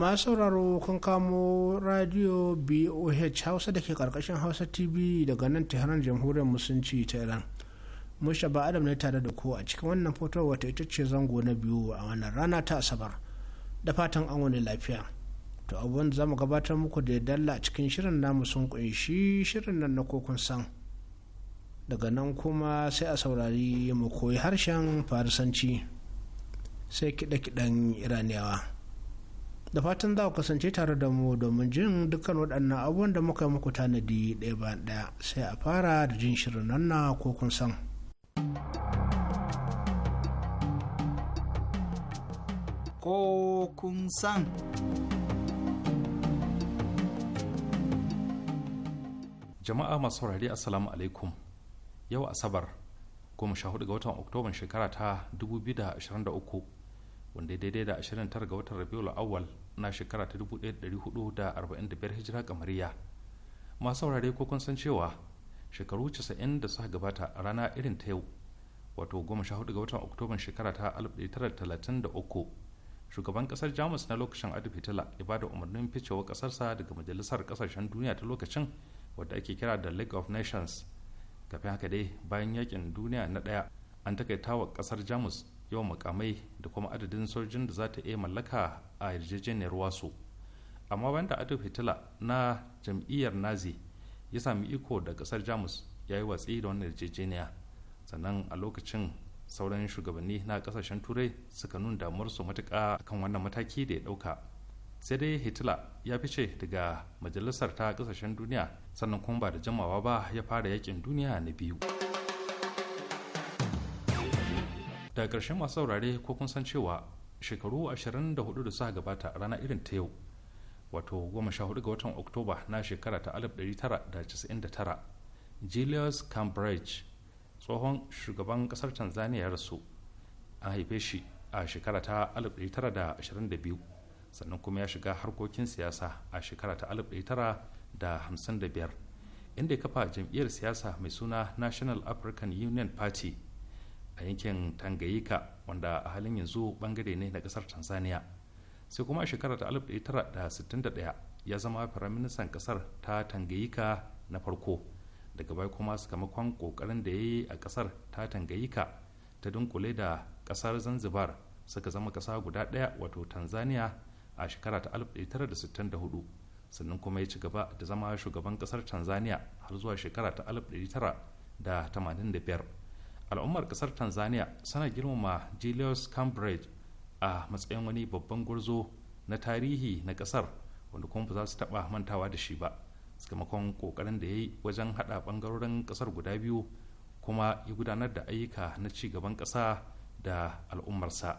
masu sauraro kun kamo radio boh hausa da ke karkashin hausa tv daga nan tehran jamhuriyar musulunci ta iran mushaba adam ne tare da ku a cikin wannan foto wata ita ce zango na biyu a wannan rana ta asabar da fatan an wani lafiya to abubuwan za mu gabatar muku da dalla a cikin shirin namu sun kunshi shirin nan na kokun san daga nan kuma sai a saurari mu koyi harshen farisanci sai kiɗe-kiɗen iraniyawa da fatan za ku kasance tare da mu domin jin dukkan waɗannan abubuwan da muka yi muku tanadi ɗaya bayan ɗaya sai a fara da jin shirin nan na ko kun san. Ko kun san. Jama'a masu saurari Assalamu alaikum. Yau Asabar, goma hudu ga watan Oktoban shekara ta 2023 wanda daidai da 29 ga watan rabiul awal na shekara ta 1445 hijira kamariya masu saurare ko kun san cewa shekaru 90 da suka gabata a rana irin ta yau wato 14 ga watan oktoban shekara ta 1933 shugaban kasar jamus na lokacin adolf hitler ya bada umarnin ficewa kasarsa daga majalisar kasashen duniya ta lokacin wadda ake kira da league of nations kafin haka dai bayan yakin duniya na daya an takaita wa kasar jamus yawan makamai da kuma adadin sojin da za ta iya mallaka a yarjejeniyar wasu amma bayan da adolf hitler na jam'iyyar nazi ya sami iko da kasar jamus ya yi watsi da wannan yarjejeniya sannan a lokacin sauran shugabanni na kasashen turai suka nuna su matuka kan wannan mataki da ya ɗauka sai dai hitler ya fice daga majalisar ta kasashen duniya sannan kuma ba da jamawa ba ya fara yakin duniya na biyu da ƙarshen masu saurare ko kun san cewa shekaru 24 da suka gabata a rana irin ta yau wato 14 ga watan oktoba na shekara ta 1999 julius cambridge tsohon shugaban ƙasar tanzania ya rasu an haife shi a shekara ta 1922 sannan kuma ya shiga harkokin siyasa a shekara ta 1955 inda ya kafa jam'iyyar siyasa mai suna national african union party a yankin tangayika wanda a halin yanzu bangare ne na kasar tanzania sai kuma a shekarar ta 1961 ya zama firaministan kasar ta tangayika na farko daga baya kuma sakamakon kokarin da ya yi a kasar ta tangayika ta dunkule da kasar zanzibar suka zama kasa guda daya wato tanzania a shekara ta 1964 sannan kuma ya ci gaba da zama shugaban kasar tanzania har zuwa shekara ta 1985 al'ummar kasar tanzania suna girmama julius cambridge a matsayin wani babban gwarzo na tarihi na kasar wanda kuma ba za su taba mantawa da shi ba sakamakon kokarin da ya yi wajen hada bangarorin kasar guda biyu kuma ya gudanar da ayyuka na ci gaban kasa da al'ummarsa.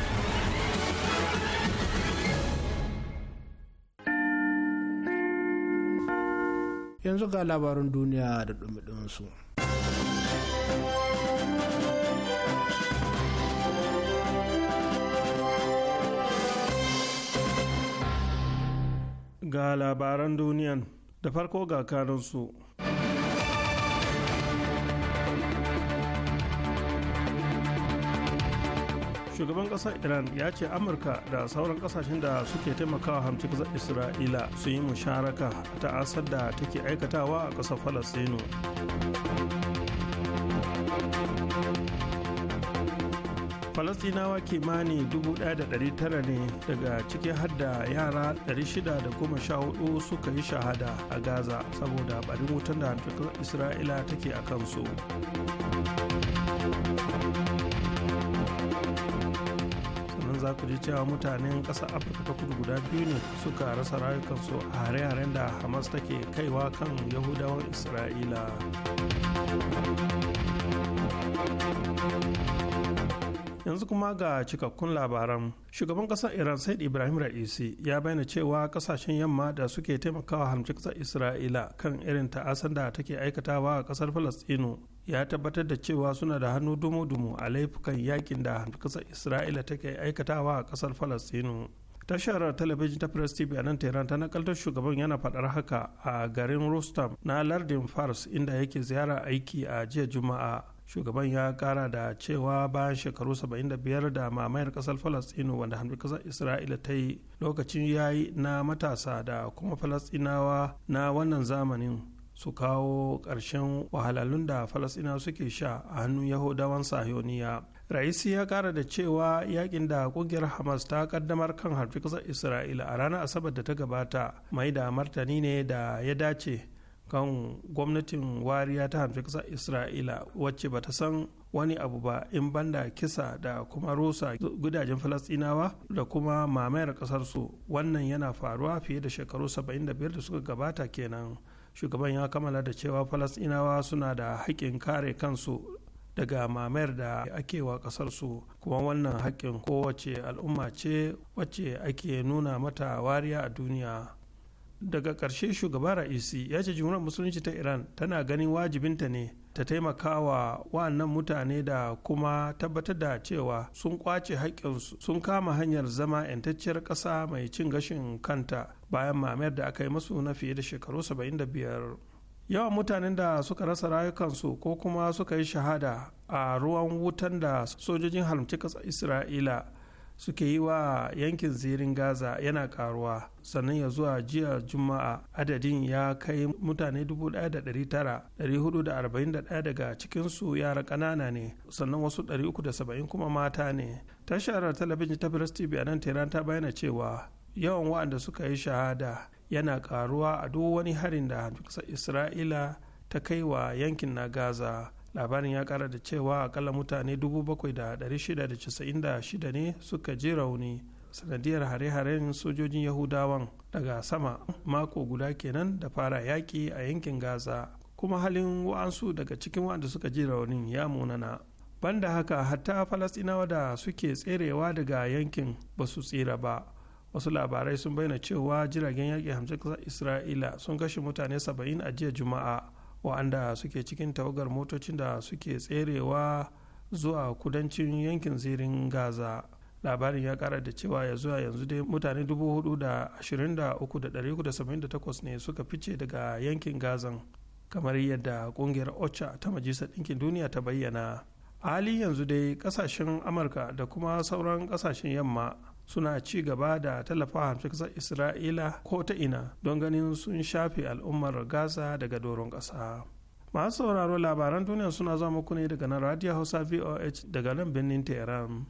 yanzu ga labarin duniya da su. ga labaran duniyan da farko ga su shugaban ƙasar iran ya ce amurka da sauran ƙasashen da suke taimakawa hamci ƙasar isra'ila su yi musharaka ta asar da take aikatawa a ƙasar falasino falastinawa kimani 1,900 ne daga ciki hadda yara 614 suka yi shahada a gaza saboda barin wutan da isra'ila take a kansu za ku ji cewa mutanen ƙasar afirka ta kudu guda biyu ne suka rasa rayukansu a hare-haren da hamas take kaiwa kan yahudawan isra'ila yanzu kuma ga cikakkun labaran shugaban kasar iran said ibrahim ra'isi ya bayyana cewa kasashen yamma da suke taimakawa hamci kasar isra'ila kan irin ta'asan da take aikatawa a kasar falastinu ya tabbatar da cewa suna da hannu dumu-dumu a laifukan yakin da hamci kasar isra'ila take aikatawa a kasar falastinu tashar talabijin ta press tv a nan tehran ta nakaltar shugaban yana faɗar haka a garin rostam na lardin fars inda yake ziyara aiki a jiya juma'a shugaban ya kara da cewa bayan shekaru 75 da mamayar kasar falastinu wanda hamdu kasar isra'ila ta yi lokacin ya yi na matasa da kuma falastinawa na wannan zamanin su kawo ƙarshen wahalalun da falastinawa suke sha a hannun yahudawan sahiyoniya raisi ya kara da cewa yakin da kungiyar hamas ta kaddamar kan harfi kasar isra'ila a ranar asabar da ta gabata mai da martani ne da ya dace kan gwamnatin wariya ta hamshe kasar isra'ila wacce ba ta san wani abu ba in banda kisa da kuma rusa gudajen falastinawa da kuma mamayar ƙasarsu. wannan yana faruwa fiye da shekaru 75 da suka gabata kenan shugaban ya kammala da cewa falastinawa suna da haƙƙin kare kansu daga mamayar da ake wa ƙasarsu kuma wannan haƙƙin kowace al'umma ce wacce ake nuna mata wariya a duniya daga ƙarshe shugaba ra'isi ya ce jimuran musulunci ta iran tana ganin wajibinta ne ta taimakawa wa mutane da kuma tabbatar da cewa sun kwace haƙƙinsu sun kama hanyar zama 'yantacciyar ƙasa mai cin gashin kanta bayan mamayar da aka yi masu na fiye da shekaru 75 yawan mutanen da suka rasa rayukansu ko kuma suka yi shahada a ruwan wutan da sojojin halamci ƙasar isra'ila suke yi wa yankin zirin gaza yana karuwa sannan ya zuwa jiya juma'a adadin ya kai mutane 1,441 daga cikinsu yara ƙanana ne sannan wasu 370 kuma mata ne tashar talabijin ta press tv a nan tehran ta bayyana cewa yawan waɗanda suka yi shahada yana karuwa a duk wani harin da isra'ila ta kai wa yankin na gaza labarin ya kara da cewa akalla mutane 7,696 ne suka ji rauni sanadiyar hare-haren sojojin yahudawan daga sama mako guda kenan da fara yaki a yankin gaza kuma halin wa'ansu daga cikin wanda suka ji raunin ya munana banda haka hatta falastinawa da suke tserewa daga yankin ba su tsira ba wasu labarai sun bayyana cewa jiragen yaƙi hamsin isra'ila sun kashe mutane 70 a jiya juma'a wa'anda suke cikin tawagar motocin da suke tserewa zuwa kudancin yankin zirin gaza labarin ya kara da cewa ya zuwa yanzu dai mutane 423,378 ne suka fice daga yankin gazan kamar yadda kungiyar ocha ta majalisar ɗinkin duniya ta bayyana a halin yanzu dai kasashen amurka da kuma sauran kasashen yamma suna ci gaba da tallafawa hamshe isra'ila ko ta ina don ganin sun shafe al'ummar gaza daga doron ƙasa masu sauraro labaran duniya suna zama muku ne daga nan radio hausa voh daga nan birnin tehran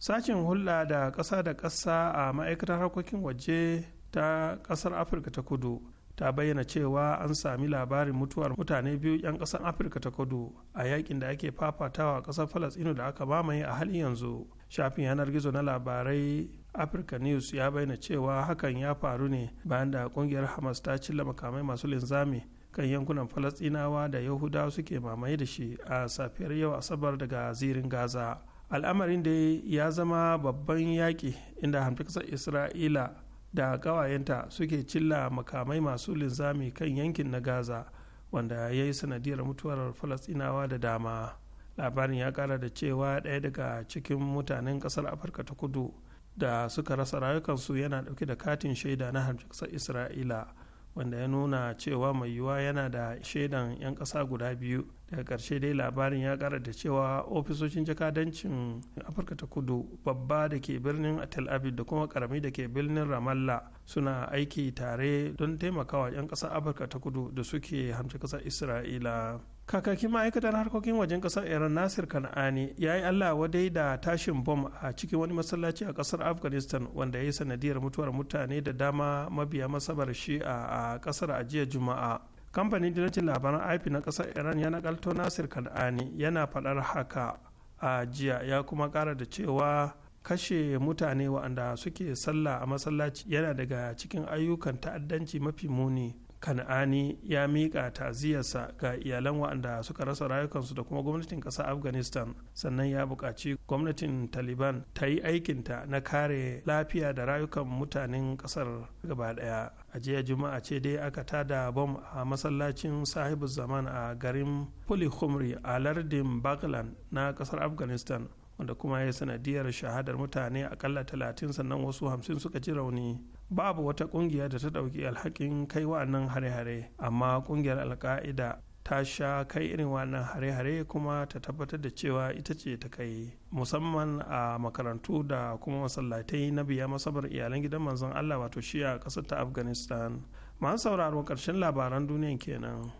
sashen hulɗa da ƙasa da ƙasa a ma'aikatar harkokin waje ta ƙasar afirka ta kudu ta bayyana cewa an sami labarin mutuwar mutane biyu 'yan ƙasar afirka ta kudu a yakin da ake fafatawa ƙasar falasino da aka mamaye a halin yanzu shafin yanar gizo na labarai africa news ya bayyana cewa hakan ya faru ne bayan da ƙungiyar hamas ta cilla makamai masu linzami kan yankunan falasɗinawa da yahudawa suke mamaye da shi a safiyar yau asabar daga zirin gaza al'amarin da ya zama babban yaƙi inda hamfikasar isra'ila da ƙawayenta suke cilla makamai masu linzami kan yankin na gaza wanda ya yi sanadiyar mutuwar falasɗinawa da dama labarin ya ƙara da cewa ɗaya daga cikin mutanen ƙasar afirka ta kudu da suka rasa rayukansu yana ɗauke da katin shaida na harjiksar isra'ila wanda ya nuna cewa mai yiwuwa yana da shaidan 'yan ƙasa guda biyu daga ƙarshe dai labarin ya ƙara da cewa ofisoshin jakadancin afirka ta kudu babba da ke birnin tel aviv da kuma ƙarami da ke birnin ramallah suna aiki tare don taimakawa 'yan ƙasar afirka ta kudu da suke hamci ƙasar isra'ila kakakin ma'aikatar harkokin wajen kasar iran nasir kan'ani ya yi allah wadai da tashin bom a cikin wani masallaci a kasar afghanistan wanda ya yi sanadiyar mutuwar mutane da dama mabiya masabar shi'a a kasar a juma'a kamfanin dinancin labaran ip na kasar iran ya nakalto nasir kan'ani yana faɗar haka a jiya ya kuma ƙara da cewa kashe mutane waɗanda suke sallah a masallaci yana daga cikin ayyukan ta'addanci mafi muni kan'ani ya miƙa ta'ziyarsa ga iyalan waɗanda suka rasa rayukansu da kuma gwamnatin ƙasar afghanistan sannan ya buƙaci gwamnatin taliban ta yi aikinta na kare lafiya da rayukan mutanen ƙasar gaba ɗaya a jiya juma'a ce dai aka tada bom a masallacin sahibu zaman a garin pulikhumri a lardin bagland na ƙasar afghanistan wanda kuma ya sanadiyar shahadar mutane akalla talatin sannan wasu hamsin suka ji rauni babu wata kungiya da ta dauki alhakin kai wa'annan hare-hare amma kungiyar alka'ida ta sha kai irin wannan hare-hare kuma ta tabbatar da cewa ita ce ta kai musamman a makarantu da kuma masallatai na biya masabar iyalan gidan manzon Allah wato shiya a ƙasar ta Afghanistan. Masu sauraro karshen labaran duniyan kenan.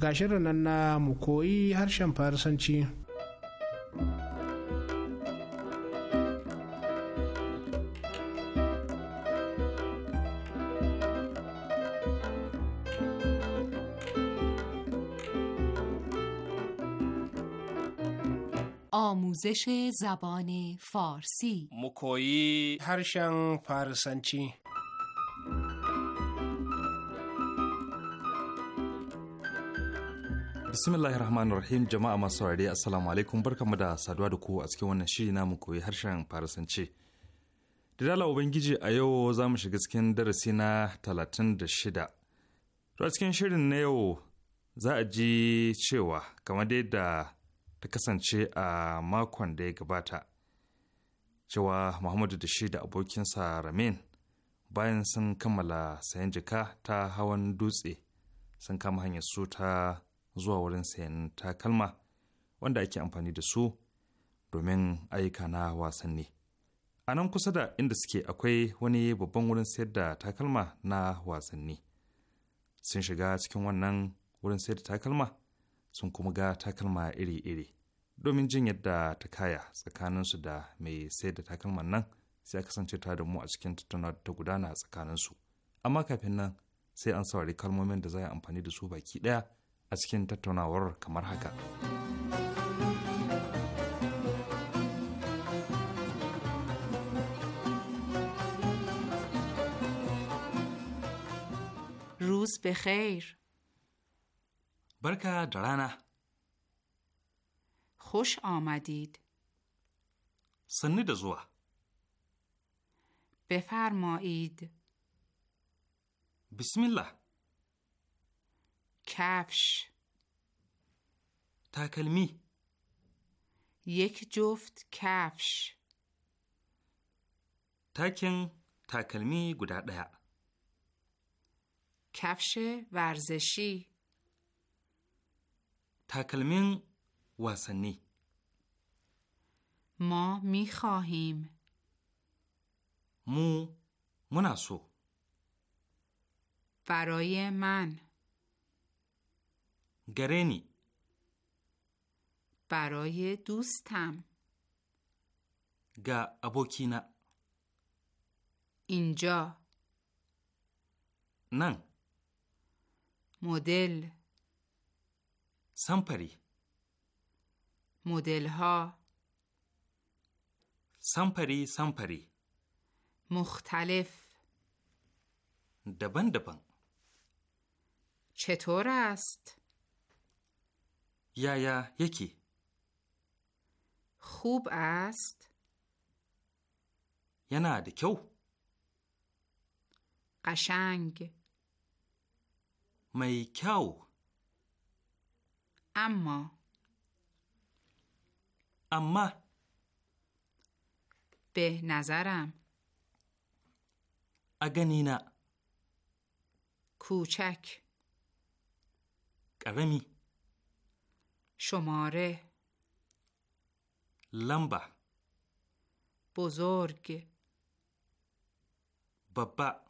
ga shirin nan na mu koyi harshen farsanci آموزش زبان فارسی مکویی هرشن فارسنچی bismillahir rahmanir rahim jama'a masu saurari assalamu alaikum barkamu da saduwa da ku a cikin wannan shiri namu koyi harshen farisance da dala ubangiji a yau za mu shiga cikin darasi na talatin da shida a cikin shirin na yau za a ji cewa kamar dai da ta kasance a makon da ya gabata cewa muhammadu da shi da abokinsa ramin bayan sun kammala sayan jika ta hawan dutse sun kama hanyar su ta zuwa wurin sayan takalma wanda ake amfani da su domin ayyuka na wasanni. A nan kusa da inda suke akwai wani babban wurin sayar da takalma na wasanni. Sun shiga cikin wannan wurin sayar da takalma sun kuma ga takalma iri-iri. Domin jin yadda ta kaya tsakaninsu da mai sayar da takalman nan sai kasance ta da mu a cikin tattauna ta gudana tsakaninsu. Amma kafin nan sai an saurari kalmomin da za a amfani da su baki ɗaya a cikin tattaunawar kamar haka. Rus bekhair. Barka da rana. Khush amadid. Sanni da zuwa. Befarmaid. Bismillah. کفش تکلمی یک جفت کفش تاکن تاکلمی گودرده کفش ورزشی تاکلمین واسنی ما می خواهیم مو مناسو برای من گرنی برای دوستم گا ابوکینا اینجا نن مدل سامپری مدل ها سامپری سامپری مختلف دبن دبن چطور است؟ یا یا یکی خوب است یا نه کیو قشنگ میکو اما اما به نظرم اگنینا کوچک قرمی شماره لمبه بزرگ بابا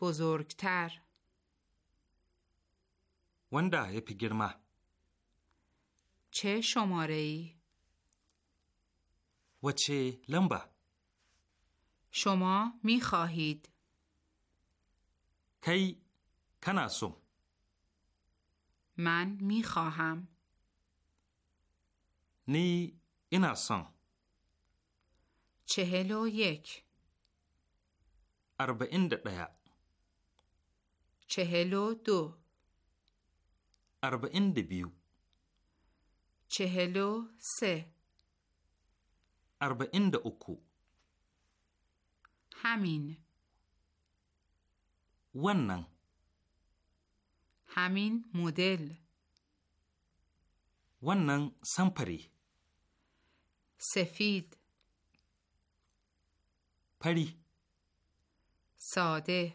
بزرگتر وندا یا چه شماره ای؟ و چه لمبه؟ شما می خواهید کی کناسم من می خواهم. نی این اصان چهل و یک اربعین دقیقه چهل و دو این دبیو چهل و سه این اکو همین ونن همین مدل ونن سمپری سفید پری ساده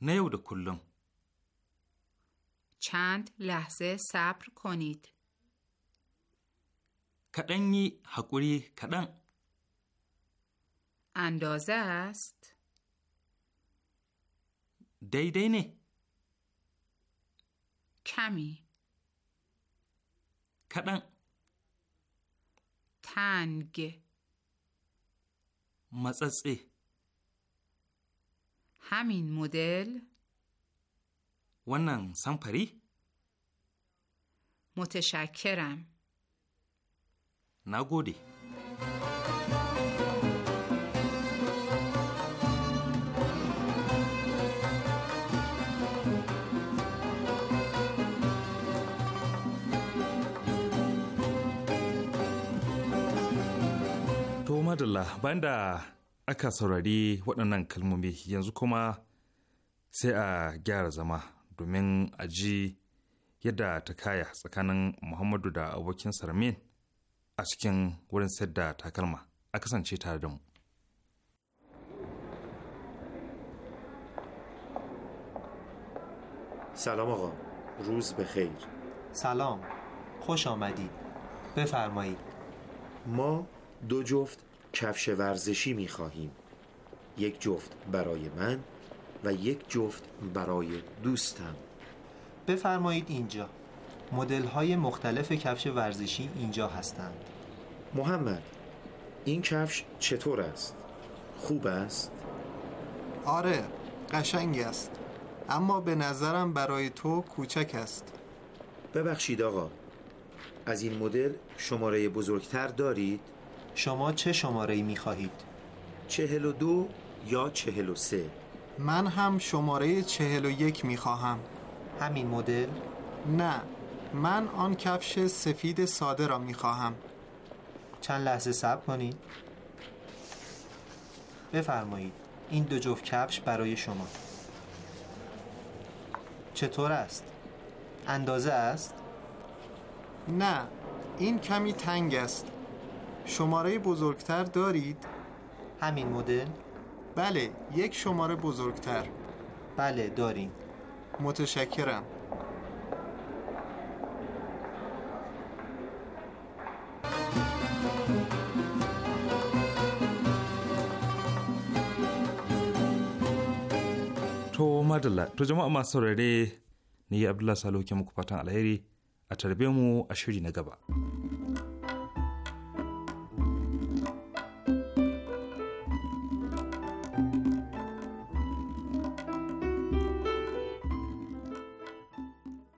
نیود کلم چند لحظه صبر کنید کدنی حقوری کدن اندازه است daidai ne? Kami. Kaɗan. Tange. Matsatse. Hamin model. Wannan samfari? Mutashakiram. Na gode. madalla bayan da aka saurari waɗannan kalmomi yanzu kuma sai a gyara zama domin a ji yadda ta kaya tsakanin muhammadu da abokin sarmin a cikin wurin sayar da takalma a kasance tare da mu سلام آقا روز بخیر سلام خوش آمدید بفرمایید ما دو جفت کفش ورزشی می خواهیم یک جفت برای من و یک جفت برای دوستم بفرمایید اینجا مدل های مختلف کفش ورزشی اینجا هستند محمد این کفش چطور است؟ خوب است؟ آره قشنگ است اما به نظرم برای تو کوچک است ببخشید آقا از این مدل شماره بزرگتر دارید؟ شما چه شماره ای می خواهید؟ چهل و دو یا چهل و سه من هم شماره چهل و یک می خواهم همین مدل؟ نه من آن کفش سفید ساده را می خواهم چند لحظه صبر کنید بفرمایید این دو جفت کفش برای شما چطور است؟ اندازه است؟ نه این کمی تنگ است شماره بزرگتر دارید؟ همین مدل؟ بله یک شماره بزرگتر بله داریم متشکرم تو madalla, تو jama'a masu saurare ni Abdullahi Salo ke muku fatan alheri a tarbe mu a shiri na gaba.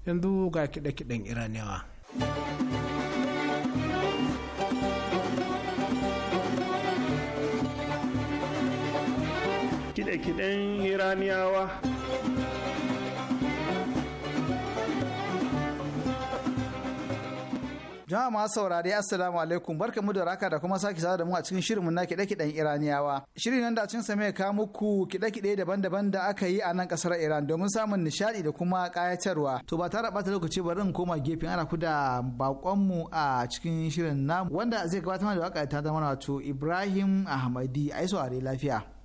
yanzu ga kiɗe-kiɗen iraniyawa kiɗe-kiɗen iraniyawa jama'a masu saurari assalamu alaikum barka mu da raka da kuma sake sada da mu a cikin shirinmu na kiɗe-kiɗen iraniyawa shirin nan da cin sa mai kawo muku kiɗe-kiɗe daban-daban da aka yi a nan kasar iran domin samun nishaɗi da kuma kayatarwa. to ba ta rabata lokaci bari in koma gefen ana ku da mu a cikin shirin namu wanda zai gabatar da waka ta zama wato ibrahim ahmadi a yi lafiya.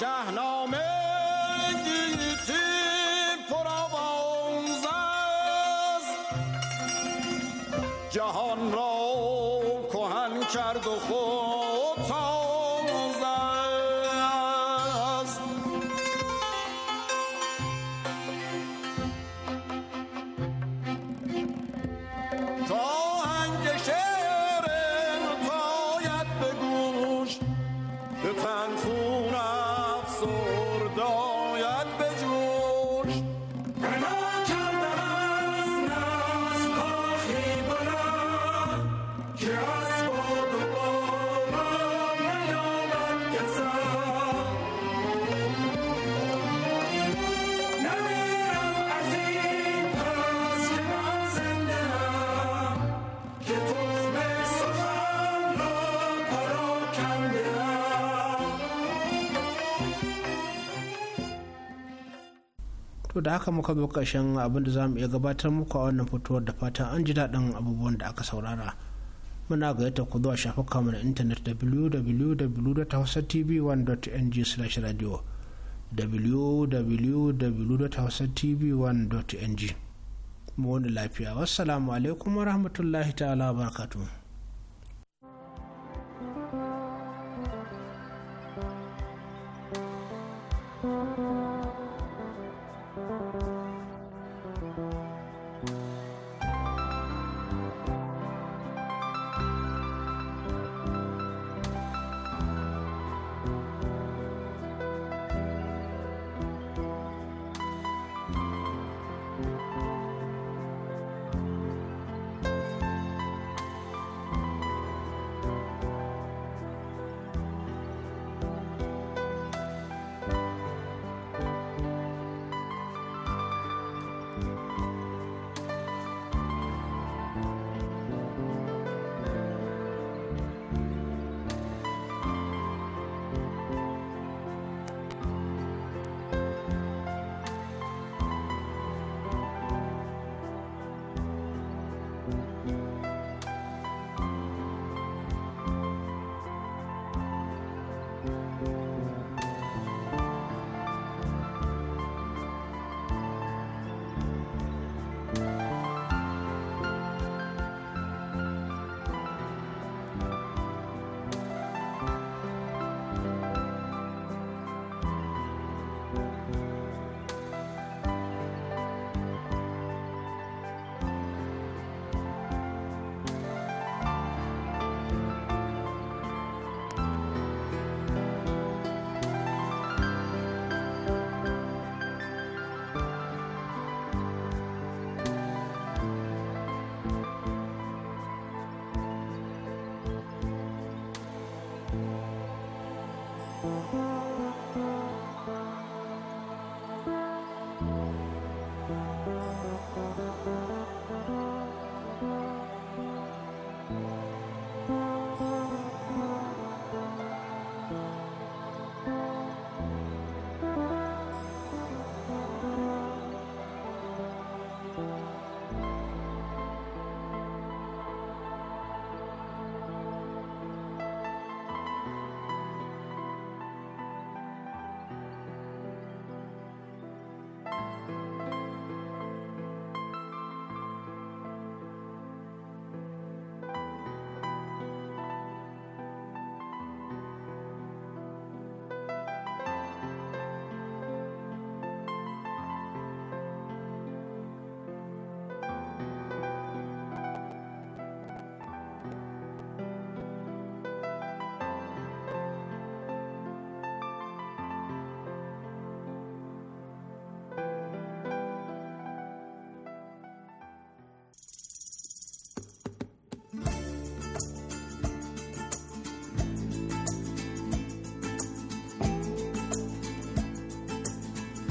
شهنامه گیتی پر جهان را کهن کرد و خود da haka muka zo ƙarshen abin da za mu iya gabatar muku a wannan fitowar da fatan an ji daɗin abubuwan da aka saurara muna gayyata ku zuwa shafukanmu na intanet www.hausatv1.ng/radio www.hausatv1.ng mu wani lafiya wassalamu alaikum warahmatullahi ta'ala barakatuhu